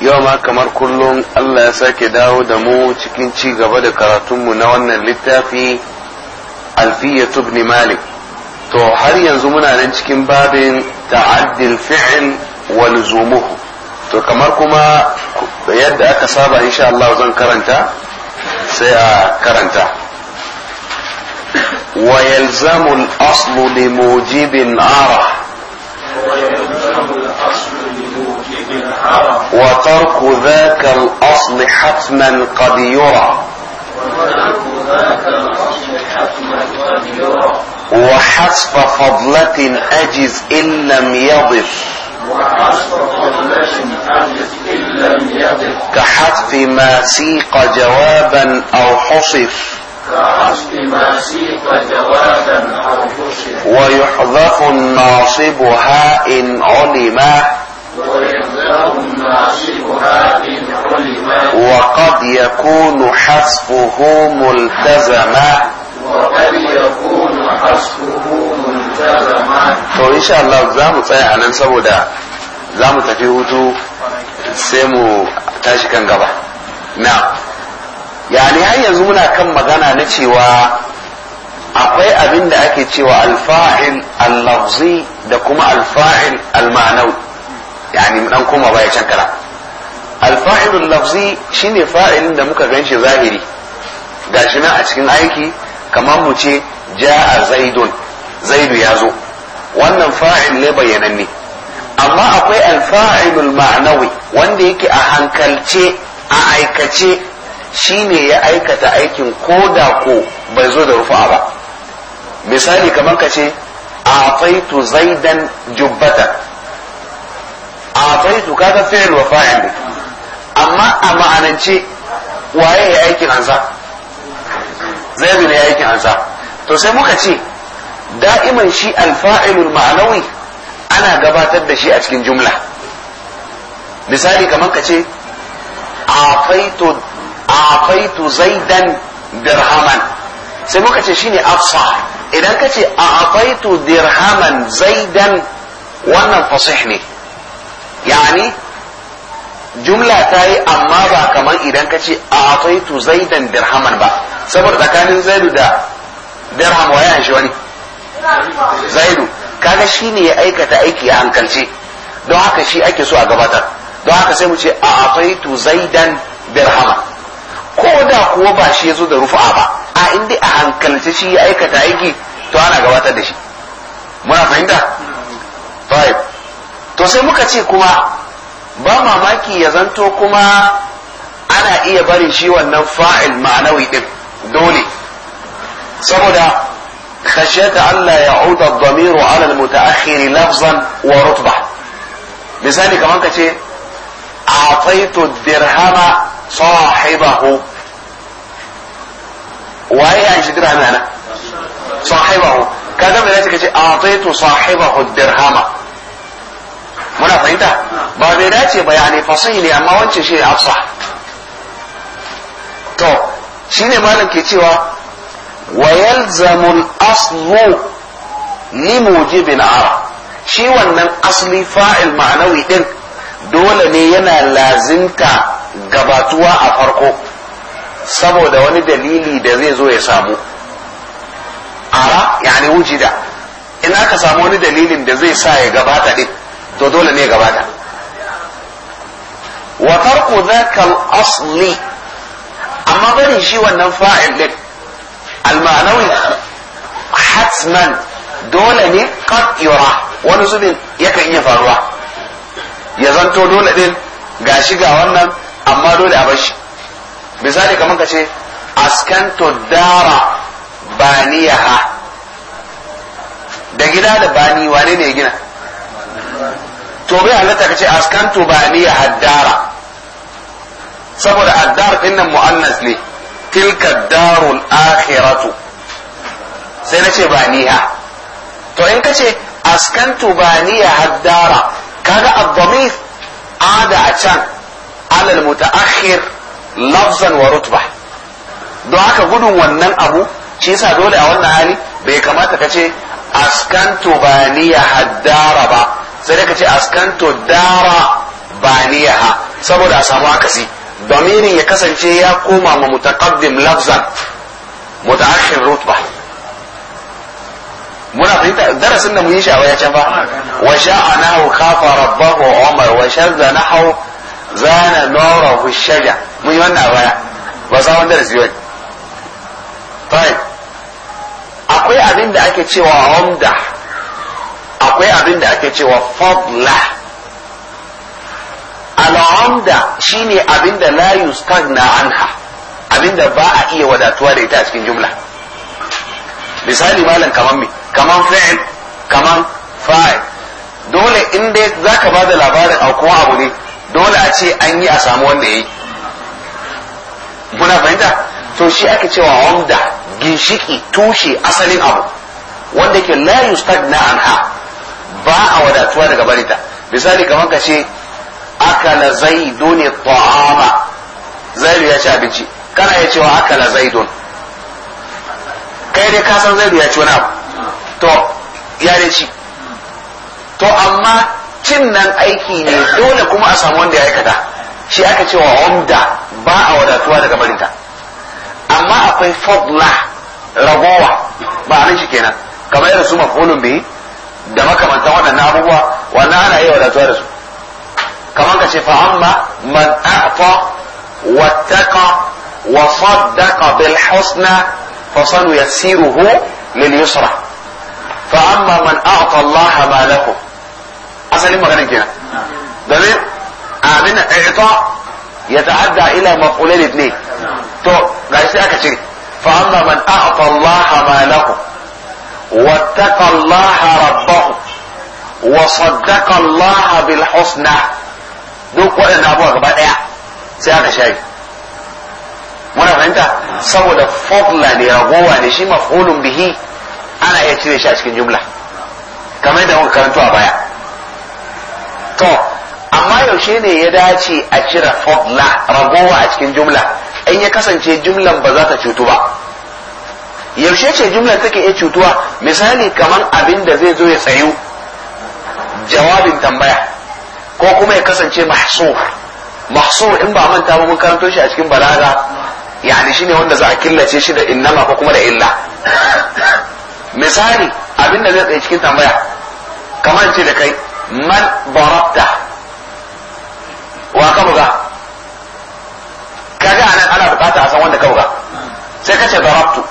yau ma kamar kullum Allah ya sake dawo da mu cikin ci gaba da karatunmu na wannan littafi alfiyatu ibn malik to har yanzu muna nan cikin babin ta'addil fi'l wa luzumuhu to kamar kuma yadda aka saba insha Allah zan karanta sai a karanta wa yalzamu al-aslu li mujibin arah وترك ذاك الأصل حتما قد يرى وحسب فضلة أجز إن لم يضف كحذف ما سيق جوابا أو حصف ويحذف الناصب هاء إن علما وقد يكون حسبه ملتزما وقد يكون حسبه ملتزما to insha Allah za mu tsaya anan saboda za mu tafi hutu sai mu tashi kan gaba na yani har yanzu muna kan magana na cewa akwai abin da ake cewa alfa'il al-lafzi da kuma alfa'il al-ma'nawi yani dan koma baya can kana alfa'ilul lafzi shine fa'ilin da muka ganshi zahiri gashi nan a cikin aiki kamar mu ce ja'a zaidun zaidu ya zo wannan fa'il ne bayyananne amma akwai alfa'ilul ma'nawi wanda yake a hankalce a aikace shine ya aikata aikin ko da ko bai zo da rufa ba misali kamar ka ce a faitu zaidan jubbatan a taitu kaga fi'il wa fa'il ne amma a ma'anance waye ya aikin ansa zaidu ne ya aikin ansa to sai muka ce da'iman shi alfa'ilul ma'anawi ana gabatar da shi a cikin jumla misali kamar ka ce afaitu afaitu zaidan dirhaman sai muka ce shi ne afsa idan ka ce afaitu dirhaman zaidan wannan fasih ne yani jumla ta yi amma ba kamar idan ka ce a ataitu zaidan dirhaman ba saboda tsakanin zaidu da dirham waya shi wani zaidu kaga shi ne ya aikata aiki a hankalce don haka shi ake so a gabatar don haka sai mu ce a ataitu zaidan dirhama ko da kuwa ba shi ya zo da rufa ba a inda a hankalce shi ya aikata aiki to ana gabatar da shi muna fahimta to sai muka ce kuma ba mamaki ya zanto kuma ana iya barin shi wannan fa'il ma'anawi ɗin, dole saboda khashyata Allah ya ad-damiru 'ala al-muta'akhir lafzan wa rutba misali kaman kace a'taytu ad-dirhama sahibahu waye ya shi dirhama na sahibahu kaga me ce a'taytu sahibahu dirhama muna fahimta ba bai dace ba yani fasihi ne amma wancan shi ne afsa to shi ne malam ke cewa wa yalzamul aslu ni mujibin ara shi wannan asli fa'il ma'anawi din dole ne yana lazinta gabatuwa a farko saboda wani dalili da zai zo ya samu ara yani wujida in aka samu wani dalilin da zai sa ya gabata din to dole ne gabata wa farko zaka asli amma barin shi wannan fa'il din al-ma'nawi hatman dole ne qat'ira wani zubin yakan iya faruwa ya zanto dole din shi ga wannan amma dole a bar shi misali kamar ka ce askanto dara baniyaha da gida da bani wane ne gina gobe bai halatta ka ce askantu ba ni ya haddara saboda addar dinnan nan mu'annas ne tilka darul akhiratu sai na ce ba ni ha to in ka ce askantu ba ni ya haddara kaga ad-damir ada a can alal mutaakhir lafzan wa rutba don haka gudun wannan abu shi yasa dole a wannan hali bai kamata ka ce askantu ba ni ya haddara ba sai ka ce askanto dara baniyaha saboda a samu akasi domirin ya kasance ya koma ma mutaqaddim lafzan mutaakhir rutba muna fita darasin da mu yi shawa ya can fa wa sha'anahu khafa rabbahu umar wa shadda nahu zana ku shaja mun yi wannan baya ba sa wanda darasi ba tayi akwai abin da ake cewa umda akwai abin da ake cewa fadla al'amda shine abin da la yustagna anha abin da ba a iya wadatuwa da ita a cikin jumla misali malam kaman me kaman fa'il kaman fa'il dole in dai zaka bada labarin a kuma abu ne dole a ce an yi a samu wanda yayi muna fahimta to shi ake cewa amda ginshiki tushe asalin abu wanda ke la na anha ba a wadatuwa daga barita misali kamar ka ce akala zaidun ta'ama zaidu ya ci abinci kana ya cewa akala zaidun kai dai ka san zaidu ya ci wani abu to ya dai ci to amma cin nan aiki ne dole kuma a samu wanda ya aikata shi aka cewa wanda ba a wadatuwa daga barinta amma akwai fadla ragowa ba nan shi kenan kamar yadda su mafulun biyu da makamantan waɗannan abubuwa wannan ana iya wadatuwa da su kamar ka ce fa amma man a'ta wattaqa wa saddaqa bil husna fa sanu yassiruhu lil yusra fa amma man a'ta Allah ma lahu asalin magana kenan domin amina ita ya ta'adda ila maqulain ne to ga sai aka ce fa amma man a'ta Allah ma lahu واتقى الله ربه وصدق الله duk waɗannan abuwa gaba ɗaya sai aka shari muna fahimta saboda fadla ne ragowa ne shi maf'ulun bihi ana iya cire shi a cikin jumla kamar yadda muka karanto a baya to amma yaushe ne ya dace a cire fadla ragowa a cikin jumla in ya kasance jumlan ba za ta cutu ba yaushe ce jumla take iya cutuwa misali kamar abin da zai zo ya tsayu jawabin tambaya ko kuma ya kasance mahsur mahsur in ba manta ba mun karanto shi a cikin balaga yani shine wanda za a killace shi da innama ko kuma da illa misali abin da zai tsaye cikin tambaya kamar ce da kai man barabta wa kabuga buga kaga anan ana bukata a san wanda ka buga sai ka barabtu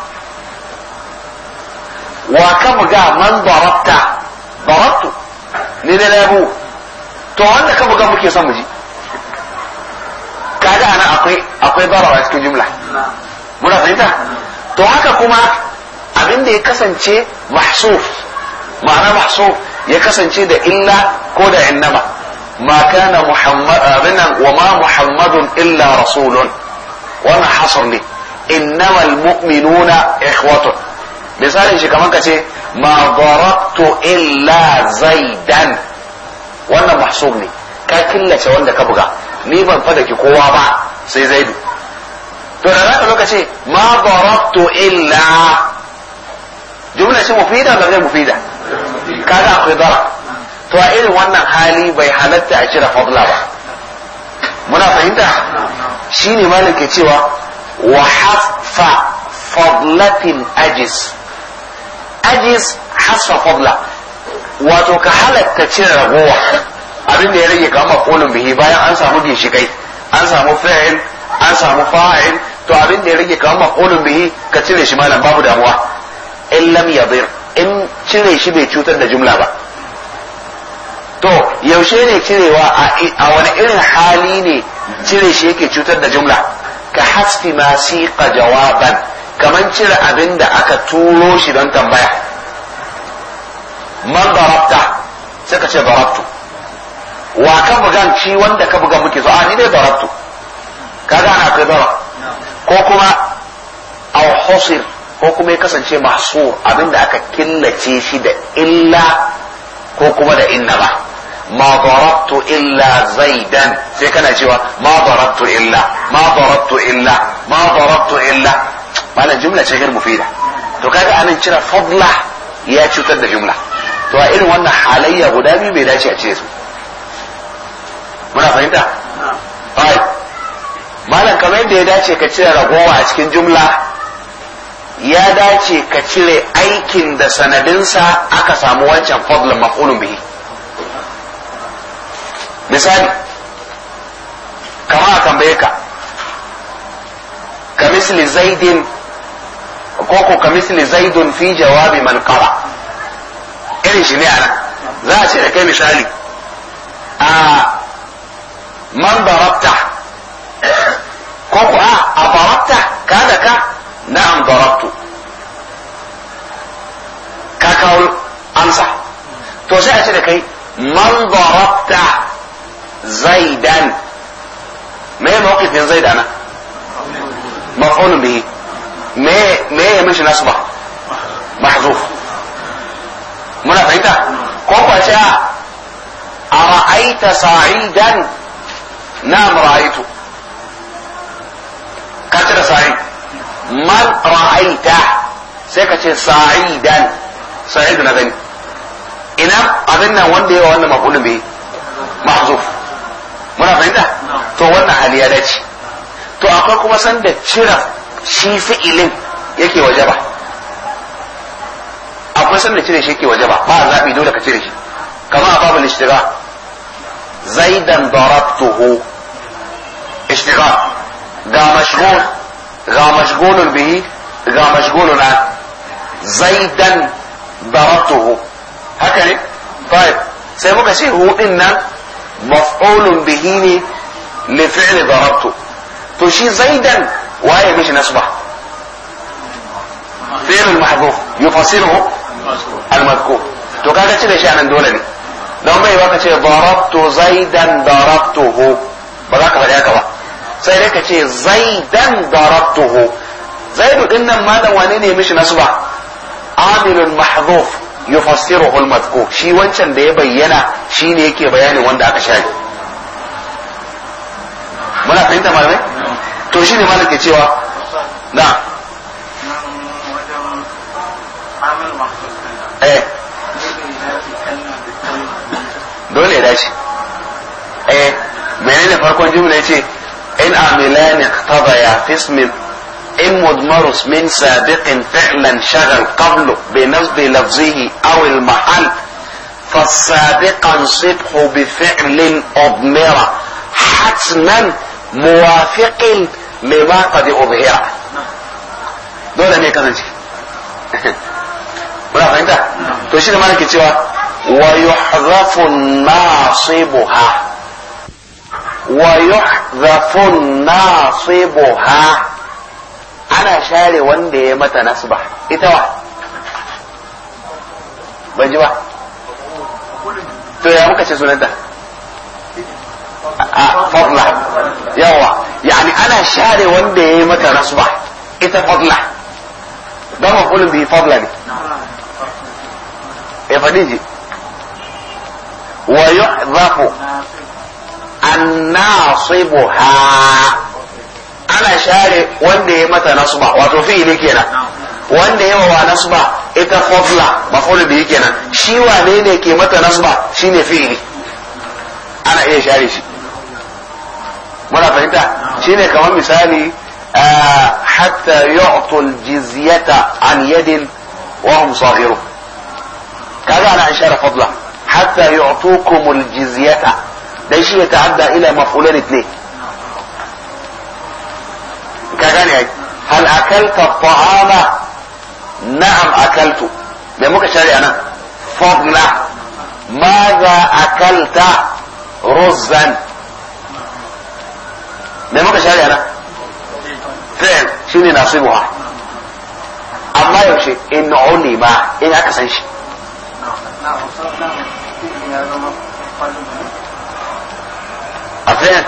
wa kam ga man darabta darabtu ne na labu to wanda ka buga muke son mu ji kaga ana akwai akwai daraba cikin jumla muna fahimta to haka kuma abin da ya kasance mahsuf ma'ana mahsuf ya kasance da illa ko da innama ma kana muhammad abin wa ma muhammadun illa rasulun wannan hasr ne innama almu'minuna ikhwatun misalin shi kamar ka ce ma darabtu illa zaidan wannan mahsub ne ka killace wanda ka buga ni ban fada ki kowa ba sai zaidu to da zaka lokaci ka ce ma darabtu illa jumla ce mufida da zai mufida kaga akwai darab to a irin wannan hali bai halatta a kira fadla ba muna fahimta shine malik ke cewa wa haffa fadlatin ajis ajis hasfa fadla wato ka halatta cin ragowa abin da ya rage ka kolin bihi bayan an samu ginshikai an samu fa'il an samu fa'il to abin da ya rage ka kolin bihi ka cire shi malam babu damuwa in lam yadir in cire shi bai cutar da jumla ba to yaushe ne cirewa a wani irin hali ne cire shi yake cutar da jumla ka hasfi ma siqa jawaban kaman cire abin da aka turo shi don tambaya man barabta sai ka ce barabtu wa ka bugan ci wanda ka buga muke so a ni dai barabtu ka gana kai bara ko kuma au ko kuma ya kasance masu abin da aka killace shi da illa ko kuma da inna ba ma barabtu illa zaidan sai kana cewa ma barabtu illa ma barabtu illa ma barabtu illa malam jumla ce gar mufida to kaga anan cira fadla ya cutar da jumla to a irin wannan halayya guda biyu bai dace a ce su muna fahimta ai malam kamar yadda ya dace ka cire ragowa a cikin jumla ya dace ka cire aikin da sanadinsa aka samu wancan fadlan maf'ulun bihi misali Kamar a tambaye ka ka zaidin koko ka misli zaidun fi jawabi man qara irin shi ne anan za a ce da kai misali a man darabta koko a a darabta ka da ka na'am darabtu ka kawo amsa to sai a ce da kai man darabta zaidan me mawqifin zaidana maf'ulun bihi me ya mishi nasu ba mahzuf muna fahimta ko kwace a ra'aita sa'idan na ra'aitu ka cire sa'i man ra'aita sai ka ce sa'idan sa'idu na gani ina abin nan wanda yawa wannan maqulun bi mahzuf muna fahimta to wannan hali ya dace to akwai kuma sanda cira shi fi'ilin yake wajaba akwai sanda cire shi yake wajaba ba zabi dole ka cire shi kama a babu ishtira zaidan darabtuhu ishtira ga mashghul ga mashghulun bihi ga mashghulun an zaidan darabtuhu haka ne طيب sai muka ce hu din nan maf'ulun bihi ne li fi'li darabtu to shi zaidan waye mishi nasba fi'l mahdhuf yufasiruhu al-madhkur to kaga cire shi anan dole ne don bai baka ce darabtu zaidan darabtuhu ba za ka faɗi haka ba sai dai ka ce zaidan darabtuhu zaidu din nan malam wane ne mishi nasba amilun mahdhuf yufassiruhu al-madhkur shi wancan da ya bayyana shine yake bayanin wanda aka shafe muna fahimta malamai to shi ne malaka cewa na eh dole ya dace eh menene farkon jimla ce in amilani iqtabaya fismin إن مضمرس من سابق فعلا شغل قبله بنصب لفظه أو المحل فالسابق انصبه بفعل أضمرة حتما موافق mai ba ka zai ubhira dole ne ciki. Ba fahimta to shi da mana ke cewa wa yuhzafu nasibuha wa yuhzafu nasibuha ana share wanda ya mata ba. ita wa ban ji ba to ya muka ce sunanta a fadla yawa yani ana share wanda ya yi mata rasuwa ita fadla don mafulun bi fadla ne ya faɗi ji wa yu'zafu ha ana share wanda ya mata nasba wato fi fi'ili kenan wanda yawa wa nasba ita fadla mafulu bihi kenan shi wane ne ke mata nasba shine fi. ana iya share shi muna fahimta shine kamar misali hatta yu'tul jizyata an yadin wa hum saghirun kaga ana ishara fadla hatta yu'tukum al jizyata dai shi ya ta'adda ila maf'ulan itne kaga ne hal akalta ta'ama na'am akaltu da muka shari anan fadla ماذا أكلت رزا me muka share na ne shine nasibuha amma yaushe in ba in aka san shi a fi'il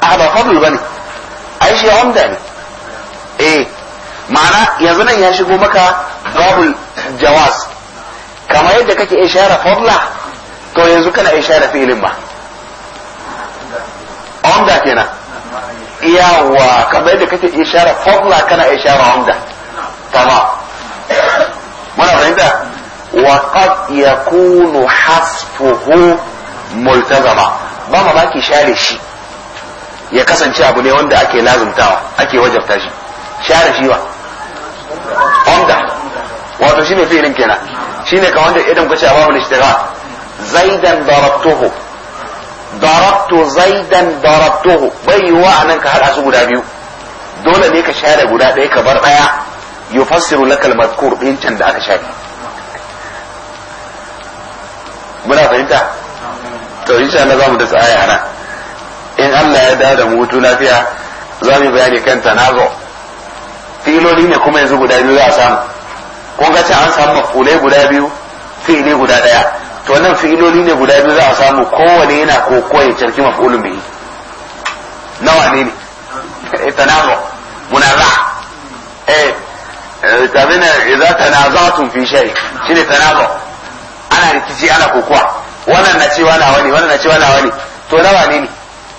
a ba ne. a yi shi hamda ne eh ma'ana yanzu nan ya shigo maka babul jawas. kama yadda kake ishara fadla to yanzu kana ishara fi'ilin ba umda kenan yawa kamar yadda kake ishara formula kana ishara wanda tama muna fahimta wa qad yakunu hasfuhu multazama ba ma baki share shi ya kasance abu ne wanda ake lazumtawa ake wajabta shi share shi ba wanda wato shine fi'ilin kenan shine ka wanda idan kace babu ishtighal zaidan darabtuhu daratu zaidan darabtuhu bai yiwuwa a nan ka hada su guda biyu dole ne ka share guda ɗaya ka bar ɗaya fassiru na kalmar kurɗin can da aka share muna fahimta to insha Allah mu da tsaya ana in Allah ya dawo da mutu hutu lafiya za mu bayani kan tanazo filoli ne kuma yanzu guda biyu za a samu kun ga an samu fule guda biyu fili guda daya. to wannan fi'iloli ne guda biyu za a samu kowane yana ko koyi tarki maf'ulun bihi nawa ne ne eh, tanazu za eh, eh na idza tanazatum fi shay shine tanazu ana rikici ana kokowa wannan na cewa nawa ne wannan na cewa nawa ne to nawa ne ne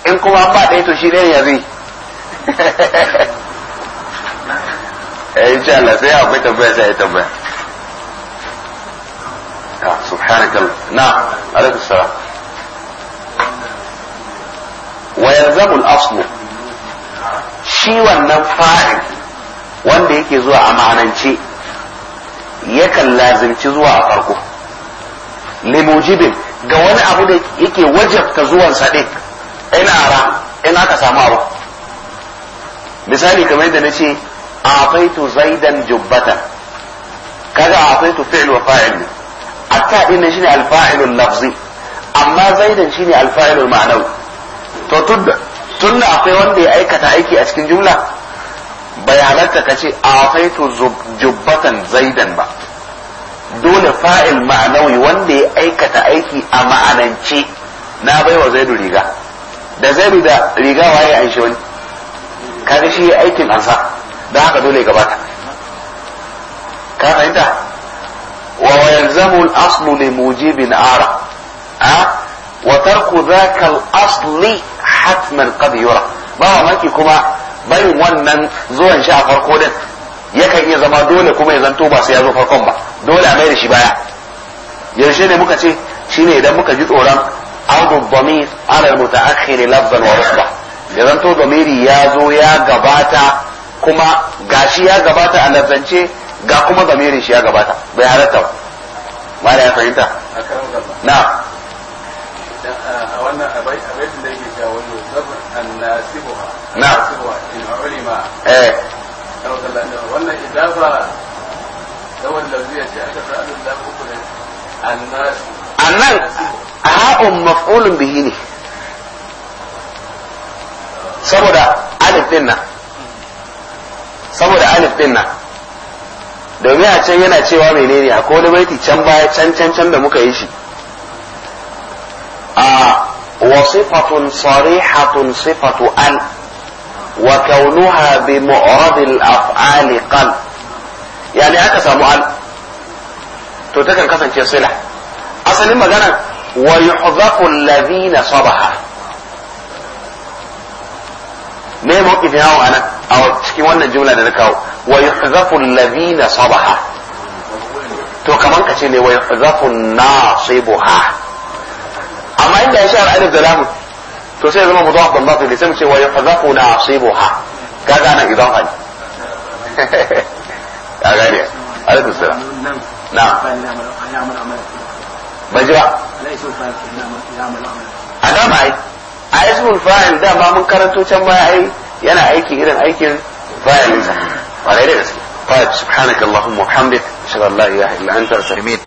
in kuma an ba ɗaya to shi ne ya zai eh insha Allah sai akwai tambaya sai ya tambaya سبحانك نعم عليك السلام ويلزم shi wannan fa'in wanda yake zuwa a ma'anance yakan lazimci zuwa a farko limujibin ga wani abu da yake wajabta zuwan ɗin ina ara in aka samu abu misali kamar yadda na ce afaitu zaidan jubbatan kaga afaitu fi'l wa fa'il ne atta din nan shine alfa'ilul lafzi amma zaidan shine alfa'ilul ma'nawi to tunda tunda akwai wanda ya aikata aiki a cikin jumla bayanarta ka ce faitu jubbatan zaidan ba dole fa'il ma'anawi wanda ya aikata aiki a ma'anance na baiwa zaidu riga da zaidu da riga waye an shi wani kaga shi aikin ansa don haka dole ya gabata ka fahimta ويلزم الأصل لموجب آخر أه؟ وترك ذاك الأصل حتما قد يرى ba maki kuma barin wannan zuwan shi a farko din yakan iya zama dole kuma ya zanto ba sai ya zo farkon ba dole a mai da shi baya yaushe ne muka ce shi ne idan muka ji tsoron audu damir ala mutaakhir lafzan wa rusba ya zanto damiri ya zo ya gabata kuma gashi ya gabata a lafzance ga kuma zamirin shi ya gabata bai halatta ba mala ya fahimta na a wannan da yake zabar na in ulima eh wannan idafa saboda lauziya ce aka uku ne ha'un maf'ulun bihi ne saboda alif din saboda alif din domin a can yana cewa menene a wani baiti can baya can can can da muka yi shi a wasifatun sarihatun sifatu an wa kaunuha bi mu'radil af'ali qal yani aka samu an to takan kasance sila asalin magana wa yuhdhafu alladhina sabaha me mawqif yawo anan a cikin wannan jumla da na kawo wa yuhzafu alladhina sabaha to kaman ka ce ne wa yuhzafu nasibuha amma inda ya shahar alif da lam to sai zama mudaf ban batil sai mu ce wa yuhzafu nasibuha kaga nan idan hali kaga ne alaikum salam na ban ji ba a dama ai a ismul fa'il dama mun karanto can baya ai yana aiki irin aikin fa'il ne kwarai da gaske fa'il subhanakallahumma wa bihamdik ashhadu la ilaha illa anta astaghfiruka